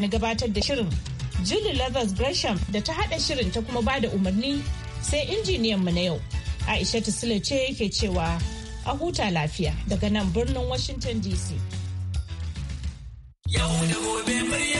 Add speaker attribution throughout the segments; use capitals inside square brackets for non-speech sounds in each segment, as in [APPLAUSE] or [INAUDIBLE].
Speaker 1: na gabatar da shirin Julie lovers Gresham da ta hada shirin ta kuma bada umarni sai injiniyan mu na yau. Aisha Sule ce yake cewa a huta lafiya daga nan birnin Washington DC.
Speaker 2: Yau da gobe murya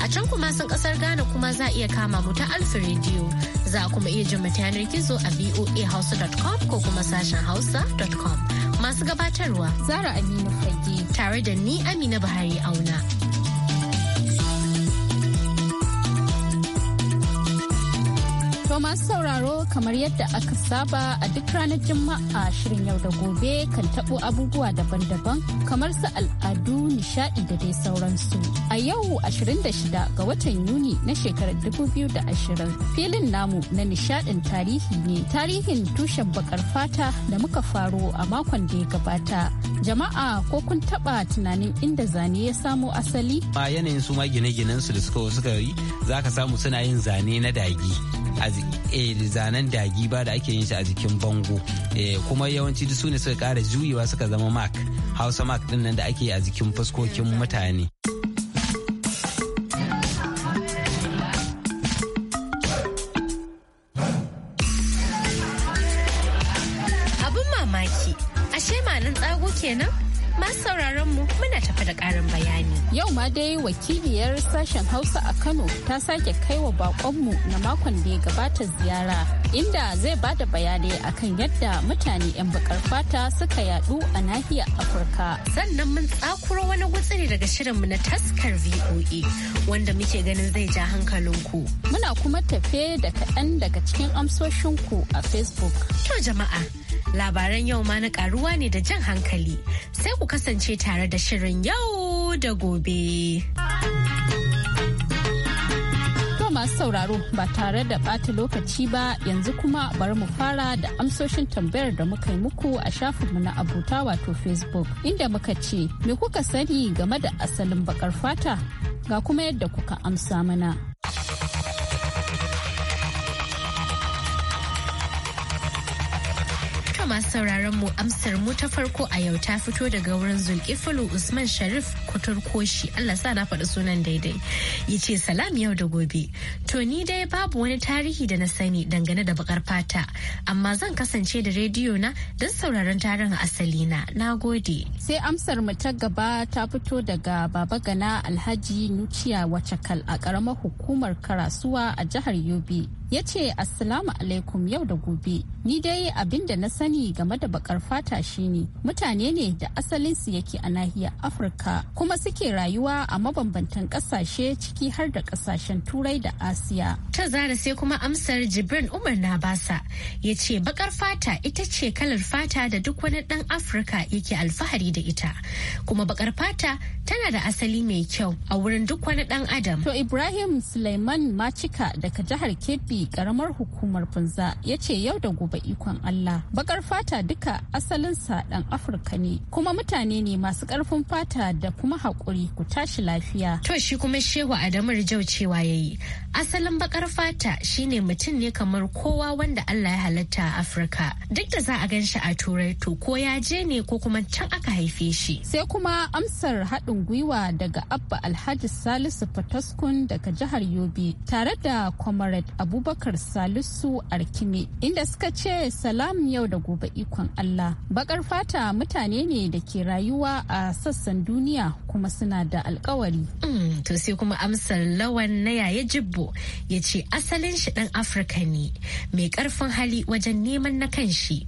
Speaker 3: A can kuma sun kasar Ghana kuma za a iya kama mu ta Alfa Radio. Za kuma iya jin mu yanar gizo a voahausa.com ko kuma sashen hausa.com. Masu gabatarwa Zara Aminu Fage tare da ni Amina Buhari Auna. masu
Speaker 1: sauraro kamar yadda aka saba a duk ranar Juma'a shirin yau da gobe kan tabo abubuwa daban-daban kamar su al'adu nishadi da dai sauransu. A yau 26 ga watan Yuni na shekarar 2020 filin namu na nishadin tarihi ne tarihin tushen bakar fata da muka faro a makon da ya gabata. Jama'a ko kun taba tunanin inda zane ya samo asali?
Speaker 4: Ba yanayin suma gine-ginen su da suka suka yi za ka samu suna yin zane na dagi. Eh, zanen dagi ba da ake yin shi a jikin bango eh, kuma yawanci su ne suka kara juyewa suka zama mark hausa mark din nan da ake a jikin fuskokin mutane
Speaker 3: abin mamaki ashe ma nan tsago kenan masu sauraron mu muna tafi da ƙarin bayani
Speaker 1: Yau ma dai wakiliyar sashen Hausa a Kano ta sake kaiwa bakonmu na makon da ya gabata ziyara inda zai bada bayanai akan yadda mutane 'yan bakar fata suka yadu
Speaker 3: a nahiyar Afirka. Sannan mun tsakuro wani gutsiri daga shirinmu na taskar VOA wanda muke ganin zai ja hankalinku. Muna kuma tafe da kaɗan daga cikin amsoshinku a Facebook. To jama'a. labaran yau ma na karuwa ne da jan hankali sai ku kasance tare da shirin yau da gobe. masu sauraro ba tare da ɓata lokaci ba
Speaker 1: yanzu kuma bari mu fara da amsoshin tambayar da muka yi muku a shafinmu na abuta wato facebook inda muka ce me kuka sani game da asalin bakar fata ga kuma yadda kuka amsa mana.
Speaker 3: masu sauraron mu amsar mu ta farko a yau ta fito daga wurin Zulkifilu Usman Sharif Kuturkoshi Allah sa na faɗi sunan daidai. Yace salam yau da gobe. To ni dai babu wani tarihi da na sani dangane da bakar fata amma zan kasance da rediyo na don sauraron tarin asali na.
Speaker 1: Na gode. Sai amsar mu ta gaba ta fito daga Baba Gana Alhaji Nuciya Wacakal a karamar hukumar Karasuwa a jihar Yobe. ya ce assalamu alaikum yau da gobe ni dai abin da na sani game da bakar fata shine mutane ne da asalinsu yake a nahiyar afirka kuma suke rayuwa a mabambantan kasashe
Speaker 3: ciki har da kasashen turai da asiya ta zara sai kuma amsar jibrin umar na basa ya ce bakar fata ita ce kalar fata da duk wani dan afirka yake alfahari da ita kuma bakar fata tana da asali mai kyau a wurin duk wani dan adam to ibrahim suleiman macika daga jihar kebbi karamar hukumar
Speaker 1: Funza ya ce yau da gobe ikon Allah. Bakar fata duka asalinsa dan Afirka ne kuma mutane ne masu karfin fata da kuma haƙuri ku tashi lafiya. To shi kuma
Speaker 3: Shehu Adamu Rijau cewa yayi asalin bakar fata shine mutum ne kamar kowa wanda Allah ya halatta a Afirka. Duk da za a gan shi a Turai to ko ya je ne ko kuma can aka haife shi.
Speaker 1: Sai kuma amsar haɗin gwiwa daga Abba Alhaji Salisu Fataskun daga jihar Yobe tare da Comrade Abubakar abubakar salisu arkime inda suka ce salam yau da gobe ikon allah bakar fata mutane
Speaker 3: ne da ke rayuwa a sassan duniya kuma suna da alkawari mm, to sai kuma amsar lawan na yaya jibbo ya ce asalin shi dan afirka ne mai karfin hali wajen neman na kanshi.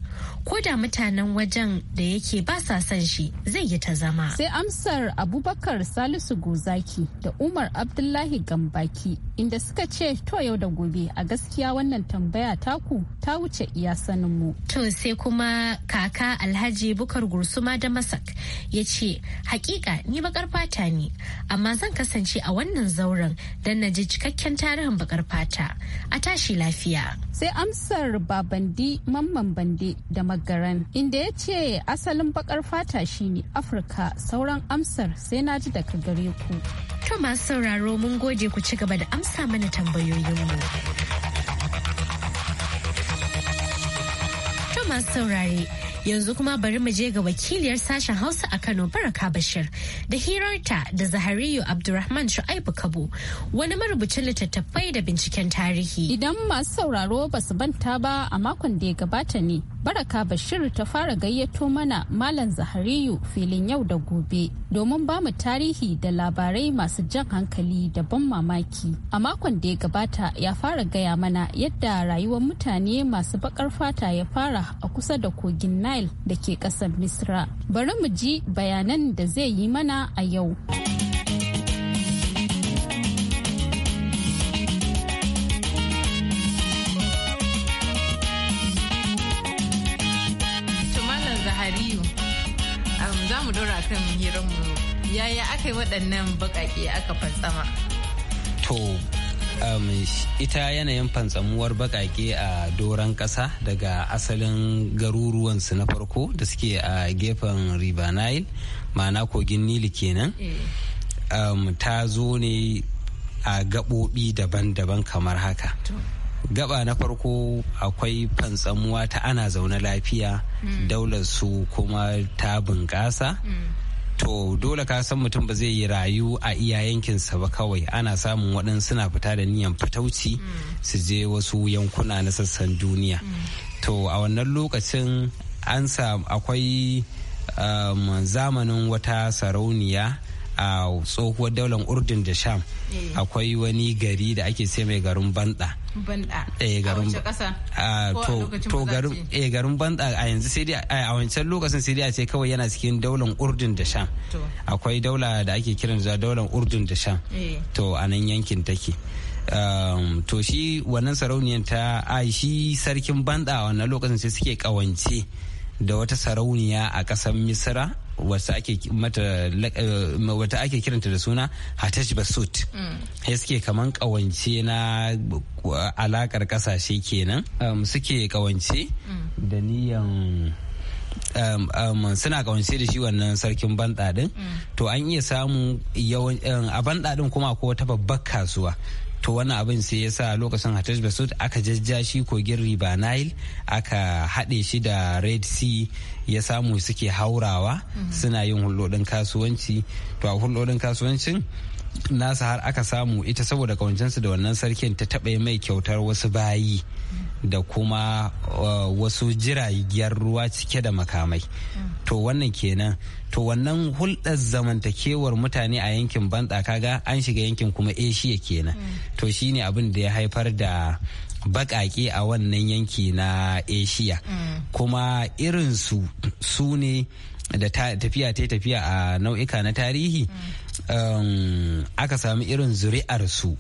Speaker 3: ko da mutanen wajen da yake ba sa son shi zai yi ta zama. Sai
Speaker 1: amsar Abubakar Salisu Gozaki da Umar Abdullahi Gambaki inda suka ce to yau da gobe a gaskiya wannan tambaya
Speaker 3: taku ta wuce iya sanin mu. To sai kuma kaka Alhaji Bukar Gursuma da Masak ya ce hakika ni bakar fata ne amma zan kasance a wannan zauren don na ji cikakken tarihin bakar fata a tashi lafiya. Sai
Speaker 1: amsar Babandi Mamman Bande da garin inda ya ce asalin bakar fata shine afirka sauran amsar sai na ji daga gare ku to masu
Speaker 3: sauraro mun gode ku ci gaba da amsa mana tambayoyinmu to masu saurare Yanzu kuma bari mu je ga wakiliyar sashen Hausa a Kano Baraka Bashir da hirarta da Zahariyu abdurrahman Shu'aibu Kabo wani marubucin littattafai da binciken tarihi. Idan masu sauraro ba su
Speaker 1: banta ba a makon da ya gabata ne, Baraka Bashir ta fara gayyato mana Malam Zahariyu filin yau da gobe domin ba mu tarihi da labarai masu jan hankali da ban mamaki. A makon da ya gabata ya fara gaya mana yadda rayuwar mutane masu baƙar fata ya fara a kusa da kogin nile da ke ƙasar misra bari mu ji bayanan da zai yi mana a yau
Speaker 5: za mu yaya aka yi waɗannan baƙaƙe aka fansama
Speaker 4: to Um, ita yanayin fantsamuwar bakake a doron ƙasa daga asalin garuruwansu na farko da suke a gefen river nile ma'ana kogin nili kenan um, ta zo ne a gaɓoɓi daban-daban kamar haka gaba na farko akwai fantsamuwa ta ana zaune lafiya hmm. daular su kuma ta bunƙasa hmm. to dole ka san mutum ba zai yi rayu a iya yankinsa ba kawai ana samun waɗansu suna fita da niyan fitauci su je wasu yankuna na sassan duniya to a wannan lokacin an akwai um, zamanin wata sarauniya a tsohuwar daular urdun da sham eh. akwai wani gari da ake sai mai garin banda a garin banda a yanzu sai a wancan lokacin sai dai a ce kawai yana cikin daular urdun da sham akwai daula da ake kiran da daular urdun da sham eh. to a nan yankin take um, to shi wannan sarauniyar ta shi sarkin banda wannan lokacin sai suke kawance da wata sarauniya a ƙasar misira wasu ake mata eh, wata ake kiranta da suna hatash basut mm. ya suke kaman kawance na alakar kasashe kenan um, suke kawance mm. da niyan um, um, suna kawance da shi wannan sarkin banɗaɗin. Mm. to an iya samu um, a banɗaɗin kuma ko wata babbar kasuwa to wannan abin sai ya sa lokacin hatash basut aka jajja shi kogin riba nile aka haɗe shi da red sea ya samu suke haurawa mhm. suna yin hulɗoɗin kasuwanci to a hulɗoɗin kasuwancin nasa har aka samu ita saboda kawancinsu da wannan sarkin ta taɓa mai kyautar wasu bayi da kuma uh, wasu jiragiyar ruwa cike da makamai mm. to wannan kenan to wannan hulɗar zamantakewar mutane a yankin banɗa ga an shiga yankin kuma eshiya kenan mm. to shine abin da ya haifar da baƙaƙe a wannan yanki na asia kuma irin su ne da tafiya ta tafiya a nau'ika na tarihi um, aka sami irin zuri'arsu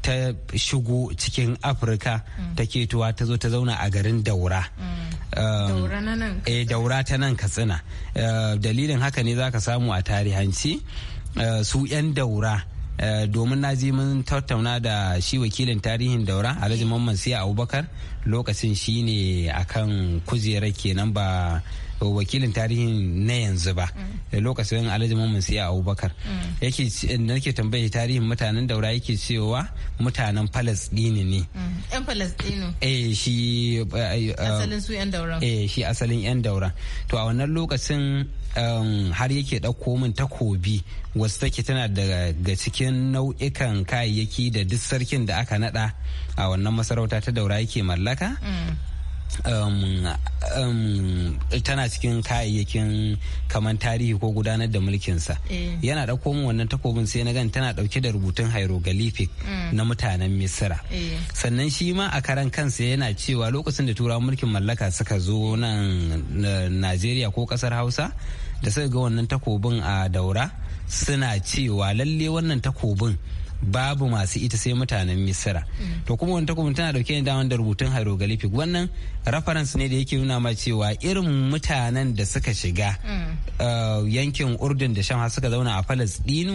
Speaker 4: ta shigo cikin afirka ta ketuwa ta zo ta zauna a garin daura um, eh, daura ta nan katsina uh, dalilin haka ne za ka samu a tarihanci uh, su 'yan daura Eh, domin na ji mun tattauna da shi wakilin tarihin daura alhaji mamman siya abubakar lokacin shi ne akan kujerar kenan ba wakilin tarihin na yanzu ba mm. lokacin alhaji mamman siya abubakar mm. yake eh, da nake tambaye tarihin mutanen daura yake cewa mutanen dini ne
Speaker 1: mm. yan falastini
Speaker 4: eh shi eh, eh, asalin su yan daura eh shi asalin yan daura to a wannan lokacin um, har yake ɗauko min takobi wasu take tana daga cikin nau'ikan kayayyaki da duk sarkin da aka nada a wannan masarauta ta daura yake mallaka Um, um, tana cikin kayayyakin kamar tarihi ko gudanar da mulkinsa eh. yana ɗauko min wannan takobin sai na gan tana ɗauke da rubutun hieroglyphic mm. na mutanen misira eh. sannan shi ma a karan kansa yana cewa lokacin da turawan mulkin mallaka suka zo nan najeriya ko ƙasar hausa da suka ga wannan takobin a daura suna cewa lalle wannan takobin babu masu ita sai mutanen misira mm. to kuma wani takwamin tana dauke ni daman da rubutun hieroglyphic wannan reference ne da yake nuna ma cewa irin mutanen da suka shiga mm. uh, yankin urdun da shan suka zauna a falas dinu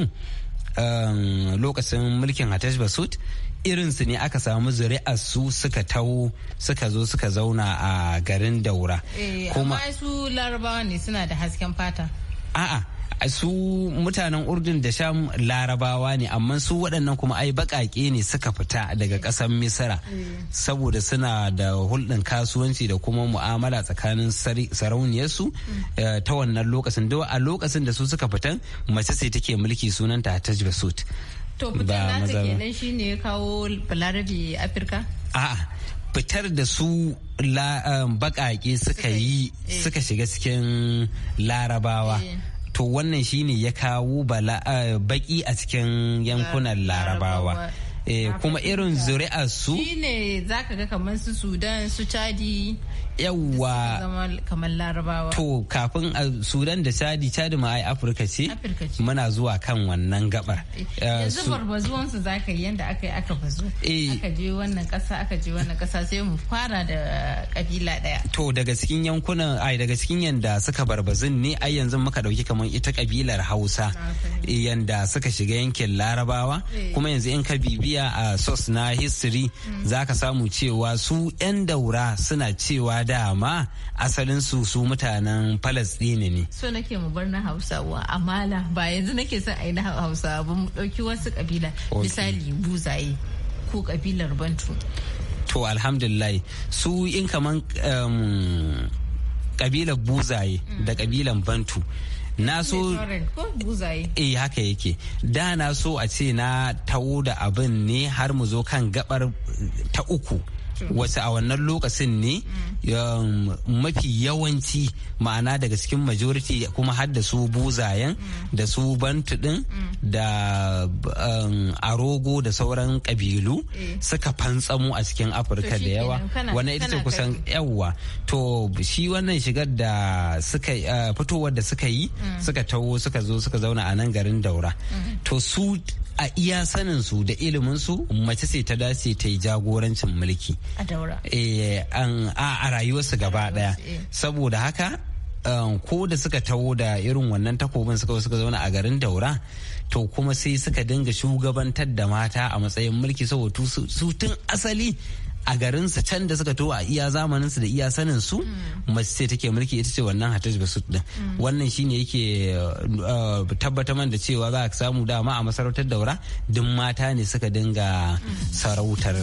Speaker 4: um, lokacin mulkin hatash basut irinsu ne aka samu zuri'ar su suka tawo suka zo suka zauna a garin daura
Speaker 1: eh, kuma su larabawa ne suna da hasken fata
Speaker 4: a'a su mutanen urdun da sham larabawa ne amma su waɗannan kuma ai baƙaƙe ne suka fita daga ƙasar misira saboda suna da hulɗin kasuwanci da kuma mu'amala tsakanin sarauniyarsu eh, ta wannan lokacin da a lokacin da su suka fitan mace sai take mulki sunanta ta
Speaker 1: to fitan nata kenan shine kawo afirka
Speaker 4: a'a fitar da su eh, baƙaƙe suka yi eh. suka shiga cikin larabawa to wannan shine ya kawo eh, baki a cikin yankunan larabawa Eh, kuma irin zuri'a su
Speaker 5: shine zaka ga kamar su sudan su chadi yawwa kamar larabawa
Speaker 4: to kafin a sudan da chadi chadi ma ai afirka ce muna zuwa kan wannan gabar eh, eh, yanzu
Speaker 1: barbazuwan su zaka yi yanda aka yi aka bazu aka je wannan kasa aka je wannan kasa sai mu fara da kabila daya
Speaker 4: to daga cikin yankunan ai daga cikin yanda suka barbazin ne ai yanzu muka dauki kamar ita kabilar hausa yanda suka shiga yankin larabawa kuma yanzu in ka bibiya bibiya a source na history za ka samu cewa su 'yan daura suna cewa dama asalin su su mutanen palestine ne
Speaker 5: so nake mu bar na hausawa amala ba yanzu nake son a yi na hausawa ba mu ɗauki wasu kabila
Speaker 1: misali buzaye ko kabilar bantu
Speaker 4: to alhamdulillah su in kaman kabilar um, buzaye da kabilan bantu na so eh haka yake da na so a ce na tawo da abin ne har mu zo kan gabar ta uku wasu a wannan lokacin ne um, mafi yawanci ma'ana daga cikin majority kuma har da su buzayen da su bantudin da um, arogo da sauran kabilu eh. suka fantsamo a cikin afirka da yawa wannan ita ce kusan yawa to shi wannan shigar da suka uh, fitowar da suka yi mm. suka taho suka zo suka zauna a nan garin daura mm. to su a iya sanin su da iliminsu mace ce ta dace ta yi jagorancin mulki a daura eh a rayuwarsu gaba daya eh. saboda haka um, ko da suka taho da irin wannan takobin suka suka zauna a garin daura to kuma sai suka dinga shugabantar da mata a matsayin mulki saboda su tun asali a garinsa can da suka towa a iya zamaninsu da iya sanin su mm. mace ce take mulki ita ce wannan hataj basu din mm. wannan shine yake uh, tabbatar man da cewa za a samu dama a masarautar daura duk mata ne suka dinga mm. sarautar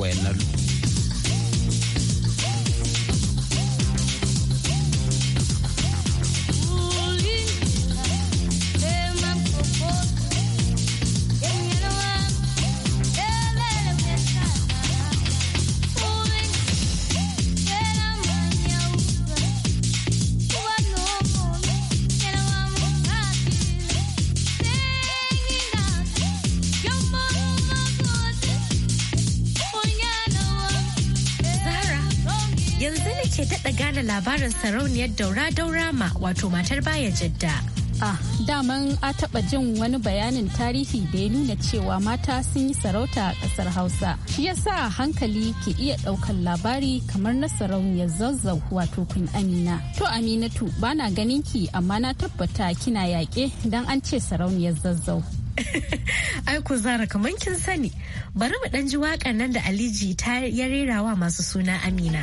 Speaker 4: wayannan
Speaker 3: labarin sarauniyar daura daurama wato matar baya jadda
Speaker 1: a ah, daman a taɓa jin wani bayanin tarihi da ya nuna cewa mata sun yi sarauta a ƙasar Hausa. Shi ya yasa hankali ke iya ɗaukar labari kamar na sarauniyar zazzau wato kun Amina. To Aminatu ba na ganin ki amma na
Speaker 3: tabbata kina yaƙe don an ce sarauniyar zazzau. [LAUGHS] Ai ku zara kamar kin sani. Bari mu ɗan ji waƙar nan da Aliji ta ya rerawa masu suna Amina.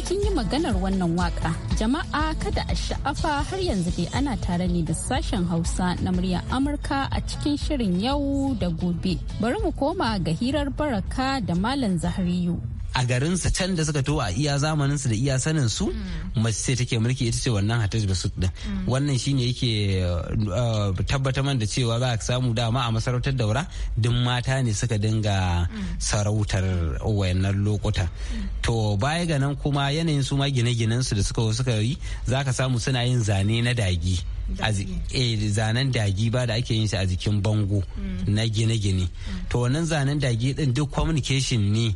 Speaker 1: kin yi maganar wannan waka jama'a kada a sha'afa har yanzu dai ana tare ne da sashen hausa na muryar amurka a cikin shirin yau da gobe bari mu koma ga hirar baraka da malam zahariyu
Speaker 4: a garinsa can da suka towa a iya zamaninsu da iya sanin su mm. mace ce take mulki ita ce wannan hataj su din mm. wannan shine yake uh, tabbatar man da cewa za ka samu dama a masarautar daura duk mata ne suka dinga mm. sarautar wayannan lokuta to baya ga nan kuma yanayin su ma gine-ginen su da suka suka yi za ka samu suna yin zane na dagi eh, zanen dagi ba da ake yin shi a jikin bango na gine-gine to wannan zanen dagi din duk communication ne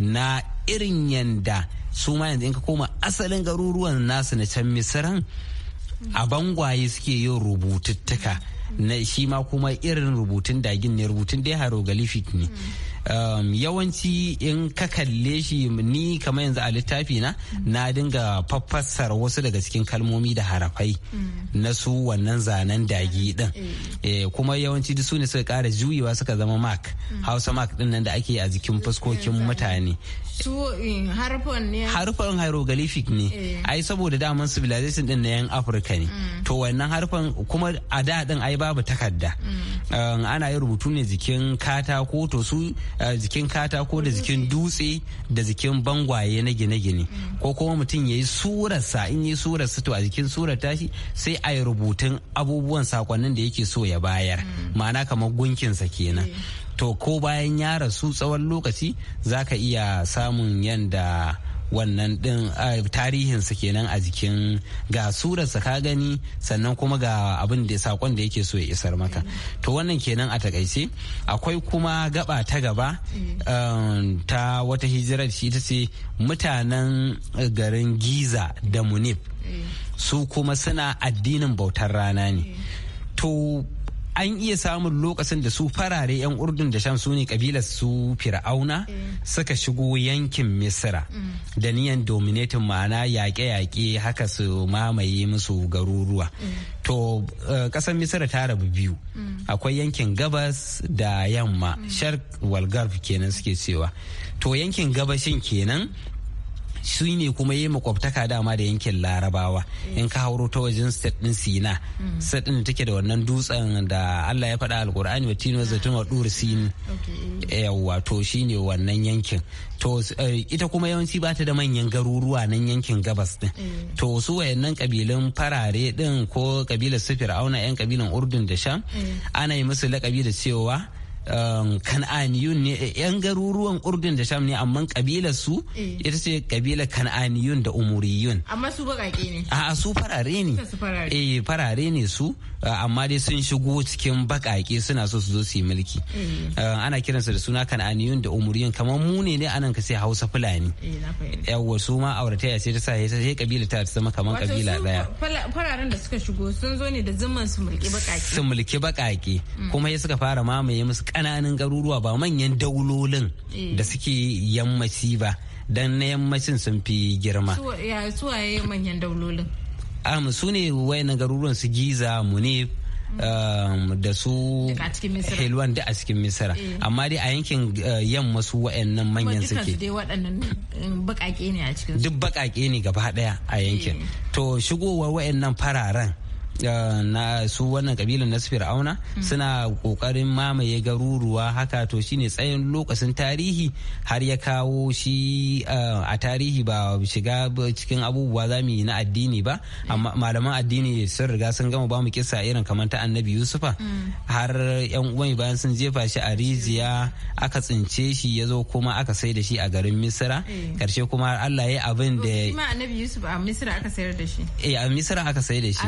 Speaker 4: na irin yanda su ma yanzu in ka koma asalin garuruwan nasu na can misiran a bangwaye suke yin rubututtuka na shi ma kuma irin rubutun dagin ne rubutun dai hieroglyphic ne Um, yawanci in ka kalle shi ni kamar yanzu a littafi na na dinga faffassar wasu daga cikin kalmomi da harafai mm. na su wannan zanen dagi din eh. Eh, kuma yawanci duk su ne suka kara juyewa suka zama mark mm. hausa mark din nan da ake a jikin fuskokin mutane
Speaker 1: eh, ne
Speaker 4: harfan hieroglyphic ne ai saboda daman civilization din na yan afirka ne mm. to wannan harfan kuma a da din ai babu takarda um, ana yin rubutu ne jikin katako to su Eh, jikin katako da jikin dutse da jikin bangwaye na gine-gine ko kuma mutum ya yi surarsa in yi surarsa to a jikin surar tashi sai a yi rubutun abubuwan sakonnin da yake so ya bayar ma'ana kamar gunkinsa kenan eh. to ko bayan ya rasu tsawon lokaci za ka iya samun yanda wannan din tarihinsa kenan a jikin ga surarsa ka gani sannan kuma ga abin da sakon da yake so ya isar maka to wannan kenan a takaice akwai kuma gaba ta gaba mm. um, ta wata hijirar shi ta ce mutanen uh, garin giza da munif mm. su kuma suna addinin bautar rana ne mm. to an iya samun lokacin da su farare 'yan urdun da sham sune ne kabilar su fir'auna eh. suka shigo yankin misira mm. da niyan dominatin ma'ana yaƙe-yaƙe haka su mamaye musu garuruwa mm. to eh, ƙasar misira ta rabu biyu mm. akwai yankin gabas da yamma shark walgarf kenan suke cewa to yankin gabashin kenan su ne kuma yi makwabtaka dama da yankin larabawa in ka hauro ta wajen state din sina state din take da wannan dutsen da allah ya faɗa alkur'ani wa tinu zaitun wa dur sini yawwa to shine wannan yankin to eh, ita kuma yawanci ba ta da manyan garuruwa nan yankin gabas din eh. to su wayannan kabilan farare din ko kabilar su auna yan kabilan urdun da sham eh. ana yi musu lakabi da cewa Um, kan'aniyun ne eh, yan garuruwan urdun da sham ne amma kabilar su
Speaker 5: eh. ita ce
Speaker 4: kabilar kan'aniyun da umuriyun
Speaker 5: amma su bakake ne a
Speaker 4: su farare ne e, farare ne su amma dai sun shigo cikin bakake suna so su zo su yi mulki ana kiransa da suna kan'aniyun da umuriyun kamar mu ne ne anan ka sai hausa fulani yawwa su ma ya ce ta sa sai kabilar ta zama kamar kabila daya
Speaker 5: fararen da suka shigo sun zo ne da zumman su mulki bakake su
Speaker 4: mulki bakake mm. kuma ya suka fara mamaye musu ƙananan garuruwa ba manyan daulolin eh. da suke yammaci ba don na yammacin sun fi girma
Speaker 5: suwaye
Speaker 1: manyan daulolin
Speaker 4: am su ne wayan garuruwan su giza munif mm. da su helwan da a cikin misira eh. amma dai a yankin eh, yamma su wa'annan manyan suke duk bakake ne gaba daya a yankin to shigowar wa'annan fararen na su wannan kabilan na fir'auna mm. suna kokarin mamaye garuruwa haka to shine tsayin lokacin tarihi har ya kawo shi a tarihi ba shiga cikin abubuwa za mu yi na addini ba mm. amma malaman addini sun riga sun gama ba mu kisa irin kamar ta annabi yusufa mm. har yan uwan bayan sun jefa shi a rijiya aka tsince shi ya zo kuma aka sai da shi a garin misira eh. karshe kuma allah ya abin da
Speaker 5: annabi yusufa a misira aka sayar da shi
Speaker 4: eh a misira aka sayar da shi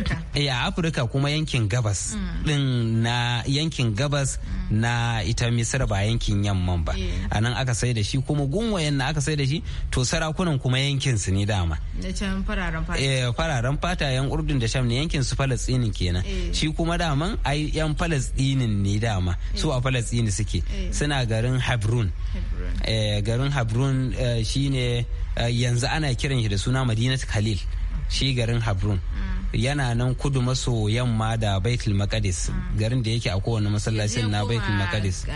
Speaker 4: afirka eh, a afirka kuma yankin gabas mm. din na yankin gabas mm. na ita misira ba yankin yamman ba a nan aka sai da shi kuma gunwayen na aka sai da shi to sarakunan kuma yankin su ne dama
Speaker 5: eh,
Speaker 4: fararen fata yan urdun da sham ne yankin su falastinin kenan eh. shi kuma daman yan falastinin ne dama su a falastini suke suna garin habrun garin habrun shine yanzu ana kiran shi da suna madinat khalil shi garin habrun yana nan kudu maso yamma da baitul makadis garin da yake a kowane masallacin na baitul makadis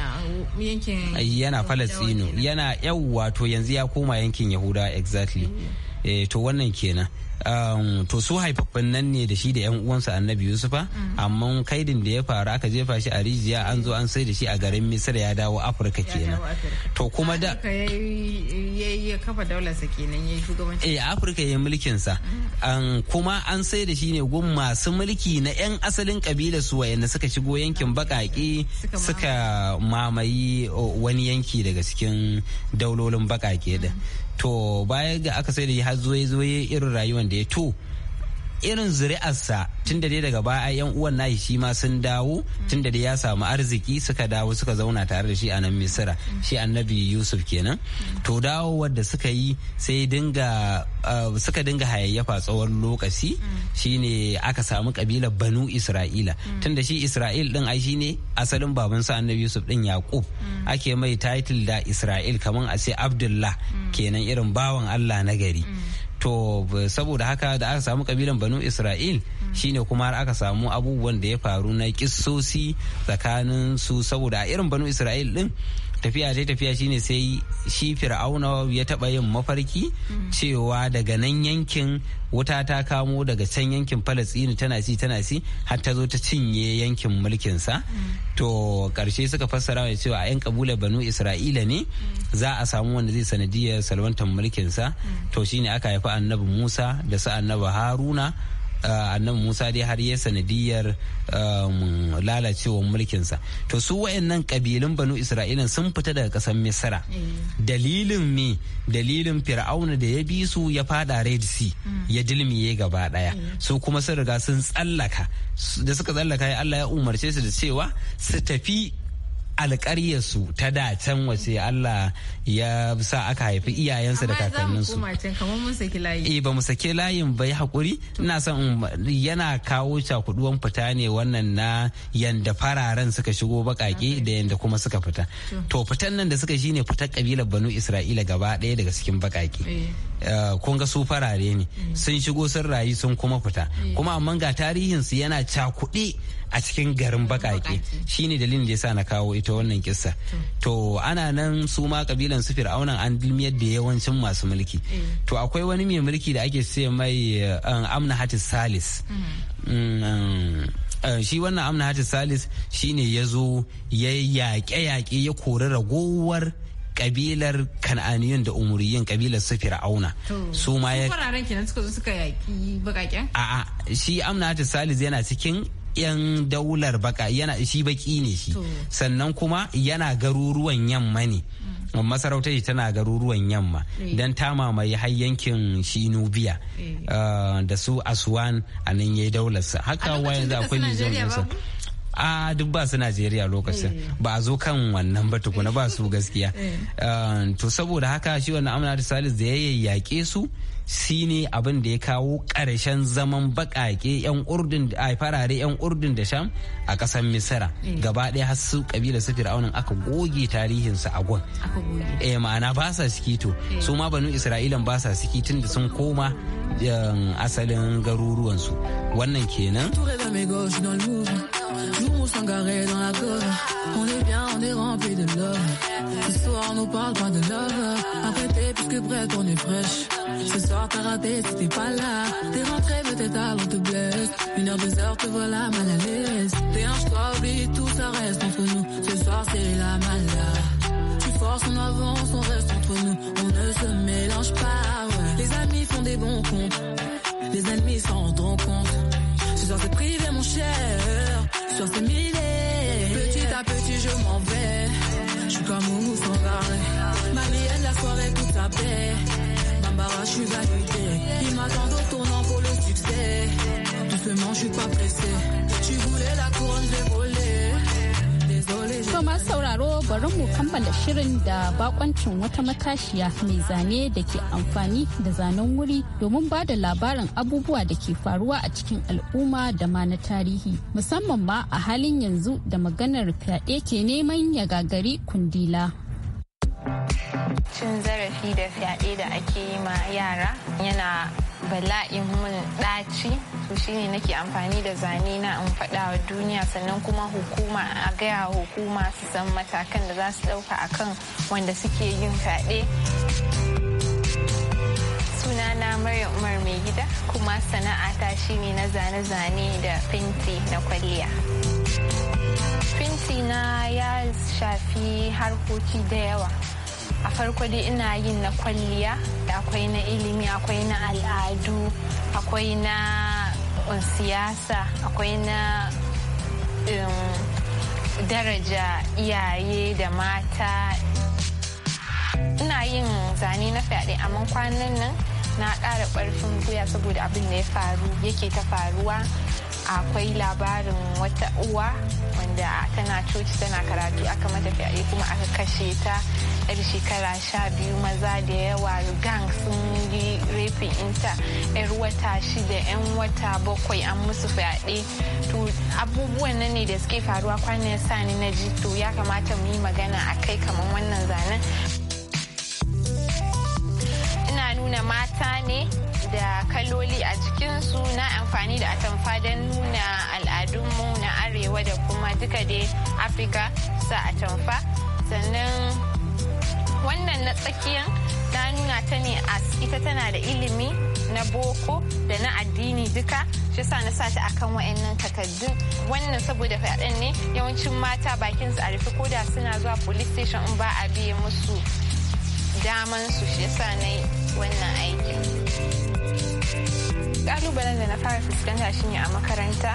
Speaker 5: yana falasino
Speaker 4: yana yau wato yanzu ya koma yankin yahuda exactly eh to wannan kenan um, to su haifaffen nan ne da shi da yan uwansa annabi yusufa mm. amma kaidin da ya faru aka jefa shi a rijiya an zo an sai da shi a garin misira ya dawo afirka kenan to kuma da
Speaker 5: ya kafa daularsa kenan ya yi shugabanci eh
Speaker 4: afirka ya mulkin sa mm. kuma an sai da shi ne gun masu mulki na yan asalin kabila su wayanda suka shigo yankin bakaki suka mamayi wani yanki daga cikin daulolin bakake din mm. to baya ga aka sai da ya zoye zoye irin rayuwar da ya to irin zuri'arsa tun da dai daga baya yan uwan nahi shi ma sun dawo tun da dai ya samu arziki suka dawo suka zauna tare da shi a nan misira shi annabi yusuf kenan to dawo wadda suka yi sai dinga uh, suka dinga hayayyafa tsawon lokaci shine aka samu kabilar banu isra'ila tun da shi isra'il din ai shine asalin babansa annabi yusuf din yaqub ake mai title da isra'il kamar a ce abdullah kenan irin bawan allah na gari to saboda haka da aka samu kabilan banu isra'il shine kuma har aka samu abubuwan da ya faru na kissosi tsakanin su saboda a irin banu isra'il din tafiya ta tafiya shine sai shi fir'auna ya taɓa yin mafarki cewa daga nan yankin wuta ta kamo daga can yankin falastini tana si tana si har ta zo ta cinye yankin mulkinsa to karshe suka fassara mai cewa a 'yan kabula banu isra'ila ne za a samu wanda zai sanadiyar salwantar mulkinsa to shine aka haifi annabi musa da su annabi haruna Eh, annabi musa dai har ya sanadiyar um, lalacewar mulkinsa to su wayannan kabilun banu isra'ila sun fita daga ƙasar misra mm. dalilin me dalilin fir'auna da ya bi su ya fada red sea mm. ya dilmiye gaba daya mm. su kuma sun riga sun tsallaka da suka tsallaka ya allah ya umarce su da cewa su tafi alƙaryarsu ta da can wace Allah ya sa aka haifi iyayensu da kakanninsu. Eh ba mu sake layin ba ya haƙuri? Ina son yana kawo cakuduwan fita ne wannan na yanda fararen suka shigo baƙaƙe da yanda kuma suka fita. To fitan nan da suka shine fitar kabilar Banu Isra'ila gaba ɗaya daga cikin baƙaƙe. Eh. Eh, kun ga su farare ne eh. sun shigo sun rayu sun kuma fita. Kuma amma ga tarihinsu yana cakuɗe a cikin garin bakake shine dalilin da yasa na kawo ita wannan kissa to ana nan su ma kabilan su fir'aunan an dilmiyar da yawancin masu mulki eh. to akwai wani mai mulki da ake ce mai um, amna hatis salis mm. Mm, um, uh, shi wannan amna hatis salis shine ya zo ya yaƙe-yaƙe ya kori ragowar kabilar kan'aniyun da umuriyin kabilar su fir'auna
Speaker 5: su ma ya fararen kenan suka zo suka yaƙi bakaken
Speaker 4: a'a shi amna hatis salis yana cikin yan daular baka yana shi baki ne shi sannan kuma yana garuruwan yamma ne mm. masarauta masarautar tana garuruwan yamma eh. don ta mamaye har yankin shi nubiya eh. ah, da su aswan a nan yi daularsa haka wayan za akwai mijin a ah, duk ba su najeriya lokacin eh. ba a zo kan wannan ba tukuna ba su [LAUGHS] gaskiya ah, to saboda haka shi wannan amina da salis da ya yayyake su shi ne abin da ya kawo ƙarshen zaman baƙaƙe 'yan urdun a farare 'yan urdun da sham a ƙasar misira eh. gaba ɗaya har su ƙabila su fir'aunin aka goge tarihinsu a gon. eh ma'ana ba sa siki to eh. su ma banu isra'ilan ba sa siki tun da sun koma um, asalin garuruwansu wannan kenan
Speaker 2: Nous on s'engarrait dans la côte, On est bien, on est rempli de love. Ce soir on nous parle pas de love. Arrêtez puisque que on est fraîche. Ce soir t'as raté si t'es pas là. T'es rentré peut tes talons te blesse. Une heure, deux heures, te voilà mal à l'aise. T'es un choix, oublie tout, ça reste entre nous. Ce soir c'est la malade. Tu forces, on avance, on reste entre nous. On ne se mélange pas. Ouais. Les amis font des bons comptes. Les ennemis s'en rendront compte. Ce soir c'est privé mon cher sur ces milliers. Petit à petit, je m'en vais. Je suis comme Moumou sans Marie est la soirée, tout à paix. Bambara, je suis validé. Ils m'attendent
Speaker 5: au tournant pour le succès. Doucement, je suis pas pressé. Tu voulais la couronne, je volé.
Speaker 1: To masu sauraro bari mu kammala shirin da bakoncin wata matashiya mai zane da ke amfani da zanen wuri domin ba da labarin abubuwa da ke faruwa a cikin al'umma da ma na tarihi musamman ma a halin yanzu da maganar fyaɗe ke neman ya gagari kundila.
Speaker 5: Cin zarafi da fyaɗe da ake yi ma yara yana bala'in mun ɗaci to shine nake amfani da zane na in faɗa wa duniya sannan kuma hukuma a gaya hukuma su san matakan da za su ɗauka kan wanda suke yin suna na Maryam Umar mai gida kuma sana'ata shine na zane-zane da finti na kwalliya. fenti na ya shafi harkoki da yawa a farko dai ina yin na kwalliya akwai na ilimi akwai na al'adu akwai na um, siyasa akwai na um, daraja iyaye da mata ina yin zane na fyaɗe amma kwanan nan na ƙara ƙarfin gwiwa saboda abin da ya faru yake ta faruwa akwai labarin wata uwa wanda tana coci tana karatu aka mata fyaɗe kuma aka kashe ta yar shekara sha biyu maza da yawa gang sun yi rafin inta yar wata shida yan wata bakwai an musu fyaɗe to abubuwan nan ne da suke faruwa kwanan sani na ji to ya kamata mu yi magana a kai kamar wannan zanen ina nuna mata ne da kaloli a jikinsu na amfani da atamfa don nuna al'adunmu na arewa da kuma duka dai afirka sa atamfa sannan wannan na tsakiyan na nuna ta ne a ita tana da ilimi na boko da na addini duka shi sa na sa ta akan wa'annan takardun wannan saboda fyaɗen ne yawancin mata bakin su a rufe ko da suna zuwa police station in ba a biye musu daman su shi sa na wannan aikin Kalubalen da na fara fuskanta shine a makaranta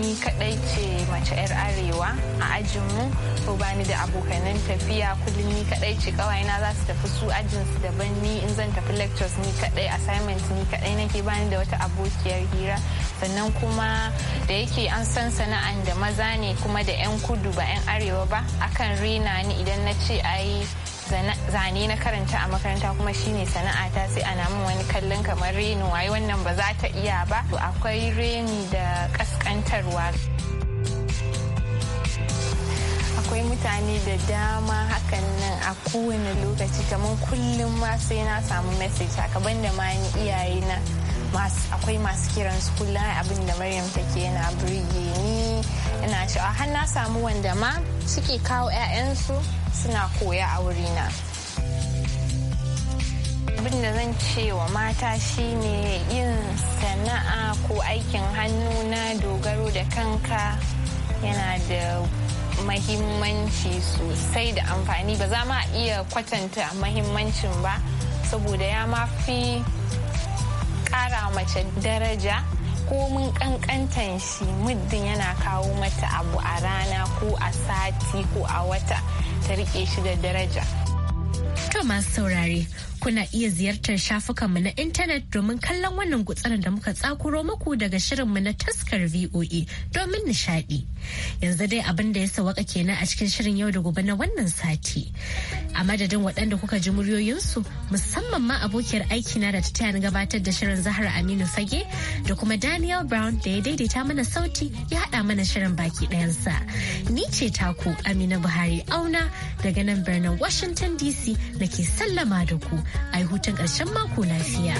Speaker 5: ni kadai ce mace 'yar arewa a ajinmu ko bani da abokanan tafiya kullum ni kadai ce kawai na za su tafi su ajin su daban ni in zan tafi lectures ni kadai assignment ni kadai nake bani da wata abokiyar hira sannan kuma da yake an san sana'an da maza ne kuma da 'yan kudu ba 'yan arewa ba akan rena ni idan na ce ayi zane na karanta a makaranta kuma shine sana'a ta sai ana min wani kallon kamar reni wai wannan ba za ta iya ba akwai reni da kaskantarwa akwai mutane da dama hakan nan a kowane lokaci kamar kullum ma sai na samu message haka banda ma ni iyaye na akwai masu kiran su kullum abin da maryam take yana burge ni ina sha'awa har na samu wanda ma suke kawo 'ya'yansu suna koya a wurina. abin da zan ce wa mata shine yin sana'a ko aikin hannu na dogaro da kanka yana da mahimmanci sosai da amfani ba za ma iya kwatanta mahimmancin ba saboda ya ma fi kara mace daraja komin kankantan shi muddin yana kawo mata abu a rana ko a sati ko a wata ta rike shi da daraja.
Speaker 3: To masu saurare Kuna iya ziyartar shafukanmu na intanet domin kallon wannan gutsarin da muka tsakuro muku daga shirinmu na taskar VOA e domin nishadi. Yanzu dai abin da ya sawaka kenan a cikin shirin yau da gobe na wannan sati. A madadin waɗanda kuka ji muryoyinsu musamman ma abokiyar aikina da ta tayar gabatar da shirin Zahar Aminu Fage da kuma Daniel Brown da ya daidaita mana sauti ya haɗa mana shirin baki ɗayansa. Ni ce taku Amina Buhari Auna daga nan birnin Washington DC nake ke sallama da ku. a yi hutun ƙarshen mako lafiya.